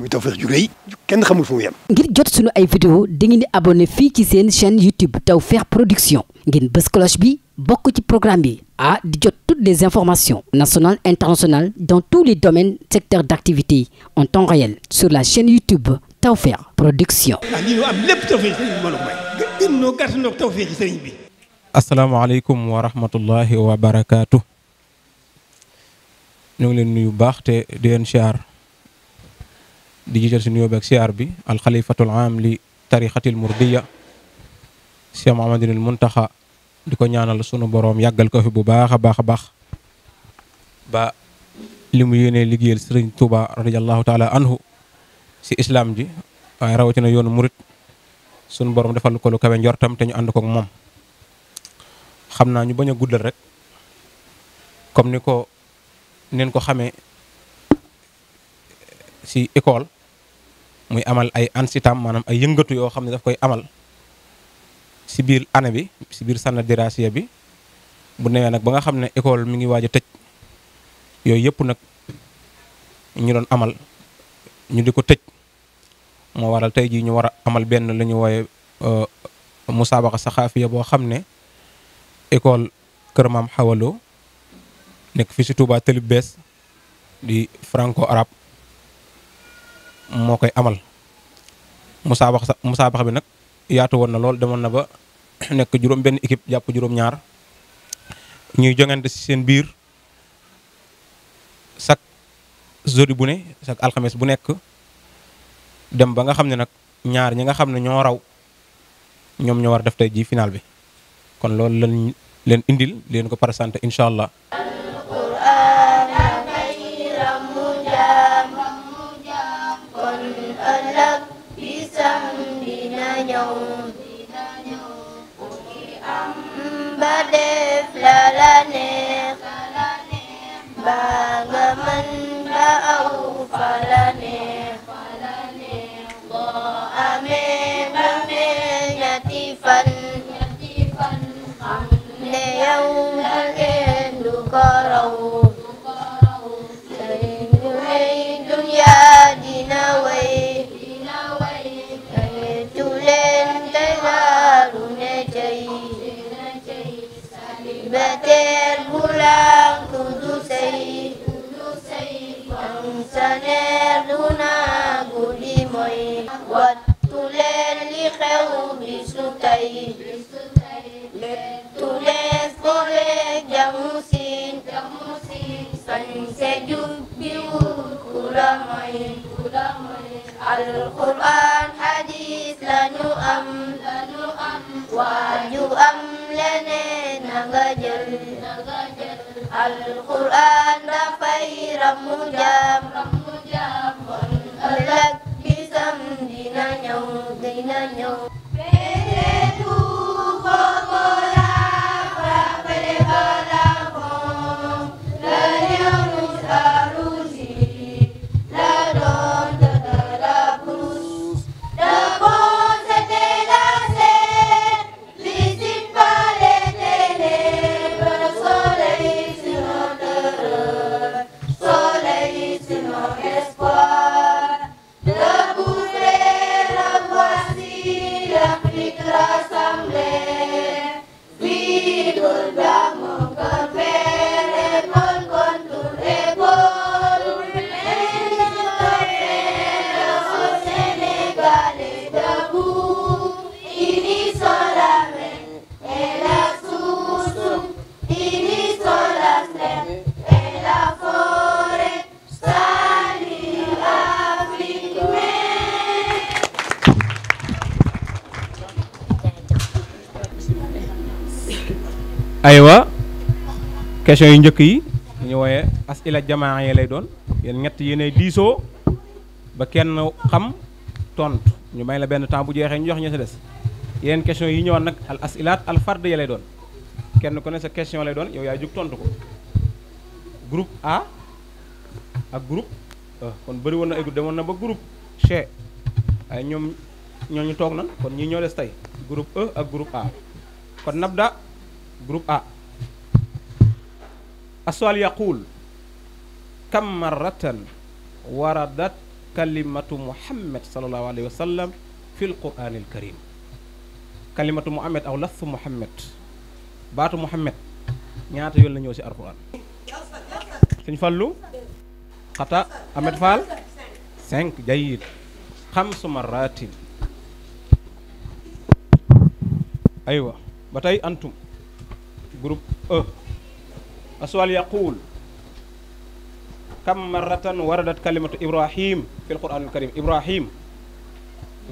muy Tawfekh ju rëy ngir jot sunu ay vidéo dangeen di abonné fii ci seen chaîne YouTube Tawfekh Production ngeen bës bi bokk ci programme bi ah di jot toutes des informations nationales internationales dans tous les domaines secteurs d'activité en temps réel sur la chaîne YouTube Tawfekh Production. ah lii am lépp Tawfekh sëriñ bi may. bi. asalaamaaleykum wa rahmatullahi wa barakaatu. leen nuyu baax te di di jiital si nuyoo bi ak siyaar bi alxalifatul am li tarixatil murdiya Cheikh Mouhamadoul Mountakha di ko ñaanal sunu boroom yàggal ko fi bu baax a baax a baax ba li mu yéenee liggéeyal sëriñ Touba radiyallahu taala anhu si islam ji waaye rawatina yoonu murit sunu borom defal ko lu kawe njortam te ñu ànd kook moom xam naa ñu bañ a guddal rek comme ni ko neen ko xamee si école muy amal ay ansitam maanaam ay yëngatu yoo xam ne daf koy amal si biir année bi si biir sanna dirasiya bi bu newee nag ba nga xam ne école mu ngi waaj a tëj yooyu yëpp nag ñu doon amal ñu di ko tëj moo waral tey jii ñu war a amal benn la ñu wooye euh, musaabaqa saxaafiya boo xam ne école Kër Maam Xawalo nekk fi si Touba Tëlib Bees di franco arabe moo koy amal musaabax sa musaabax bi nag yaatu woon na lool demoon na ba nekk juróom benn équipe jàpp juróom-ñaar ñuy jongante ci seen biir chaque jeudi bu ne chaque alxames bu nekk dem ba nga xam ne nag ñaar ñi nga xam ne ñoo raw ñoom ñoo war def tey ji final bi kon loolu lañ leen indil leen ko par présenté incha allah neex ba nga mën ba aw fa la bisu tay léttu lees booleeg jamu siin sañse jubbiwul ku la may alquran hadis lañu am waaju am leneen na nga jël alquran dafay ramu jaam kon ëllëg bisam dina ñëw dina ñëw aywa question yu njëkk yi ñu wooye asila jamaa yi lay doon yéen ñett yéenay diisoo ba kenn xam tontu ñu may la benn temps bu jeexee ñu jox ñu si des yenn question yi ñëwaat nag al asilaat al fard ya lay doon kenn ku ne sa question lay doon yow yaay jug tontu ko groupe A ak groupe e. kon bëri woon ay groupe demoon na ba groupe C ay ñoom ñooñu toog nan kon ñi ñoo des tey groupe E ak groupe A kon nabda groupe A aswal yaqul kam marratan waradat kalimatu muhammad salallahu alayhi wa fi l qur'an kalimatu muhammad aw lafsu muhammad baatu muhammad ñaata yoon la ñëw ci alquran suñ fàllu xata amet fall cinq jayid marratin aywa ba antum groupe E السؤال يقول كم مرة وردت كلمة إبراهيم في القرآن الكريم إبراهيم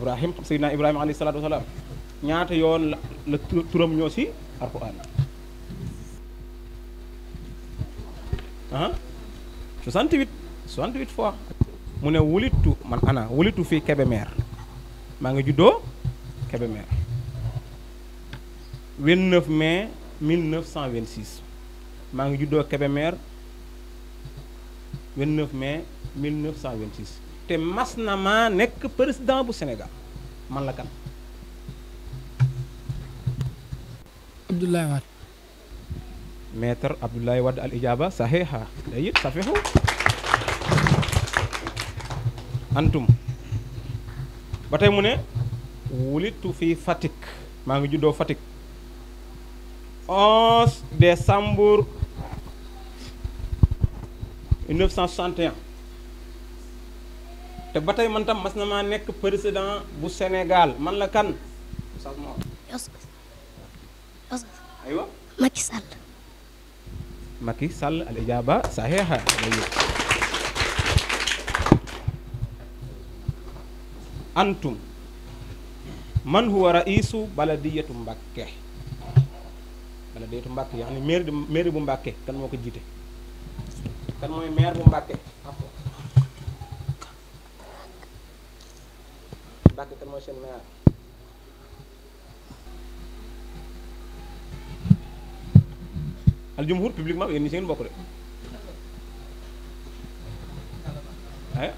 إبراهيم سيدنا إبراهيم عليه الصلاة والسلام ñaata yoon la turam ñoo ci mu ne wulitu man ana wulitu fii Kébémer maa ngi juddoo Kébémer 29 mai 1926 maa ngi juddoo Kébémer 29 mai 1926 te mas na maa nekk président bu senegal man la kan. Abdoulaye Wade. maître Abdoulaye Wade al ijaaba saxiixa day it safixu antum ba tey mu ne wulitu fii Fatick maa ngi juddoo Fatick. 11 décembre 1961 te ba tey man tam mas na maa nekk président bu Sénégal man la kan. aywa. Macky Sall. Macky Sall al ijaaba sahiha antum man huwa raisu baladiyatu Mbakke ma ne déetu yaa xam ne maire maire bu Mbàkke kan moo ko jiite kan mooy mooy seen maire al jumhur publiquement yéen ñi si ngeen bokk de a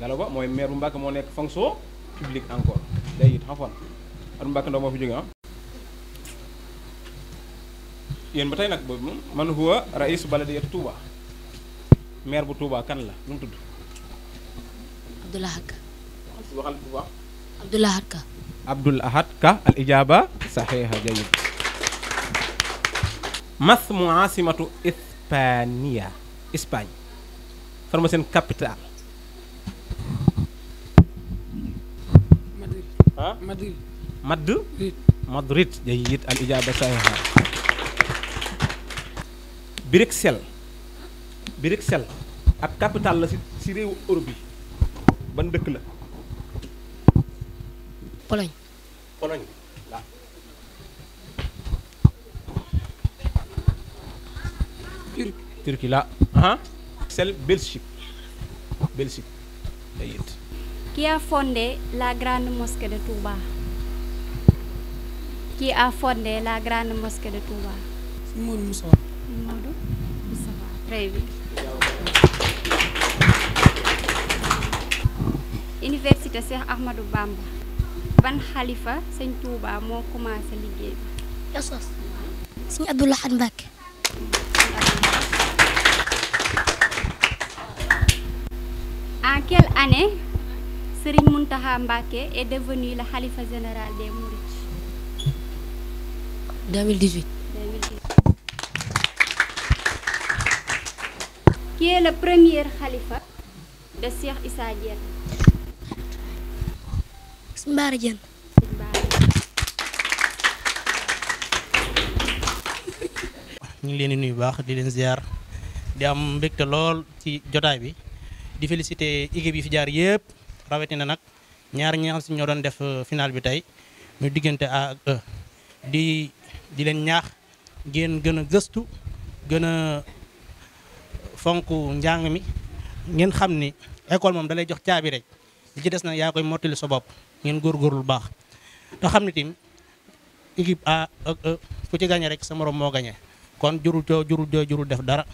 Galaba mooy maire bu Mbàkke moo nekk fonction publique encore day it xam foon at Mbàkke ndaw moo fi jóge ah yéen ba tey nag boobu moom man huwa raisu baladiyatu Touba maire bu Touba kan la lu mu tudd. Abdoul Ahad Ka. waxal bu baax. al ijaaba saxiixa jayid. mas mu asimatu Ispania Espagne farma capital. Bruxelles Bruxelles ab capital la si si réewu Europe yi ban dëkk la. Pologne. Pologne waaw. Turquie Turquie la ah. Bruxelles Belgique Belgique day it. qui la grande mosquée de Touba. qui a fondé la grande mosquée de Touba. Modou université Cheikh Ahmadou Bamba ban xalifa sëñ Touba moo commencé liggéey bi asos sëñ Abdou Lahad Mbacké en quelle année Serigne Mountakha Mbacké est devenu le xalifa général des Mourides qui est le premier xalifa ñu ngi leen di nuyu baax di leen ziar di am mbégte lool ci jotaay bi di féliciter équipe yi fi jaar yépp rawatina nag ñaar ñi nga si ñoo doon def euh, final bi tey ñu diggante A e. di di leen ñaax ngeen gën a gëstu gën a. fonk njàng mi ngeen xam ni école moom dalay jox caabi rek li ci des nag yaa koy mottali sa bopp ngeen góorgóorlu baax te xam ni tim équipe A ak e, e, fu ci gañe rek sa morom moo gañe kon jurul coow jurul jooy jurul def dara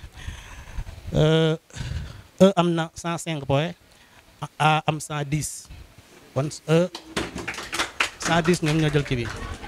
E, e am na cent cinq points A am 110 kon E 110 ñoom ñoo jël ci bi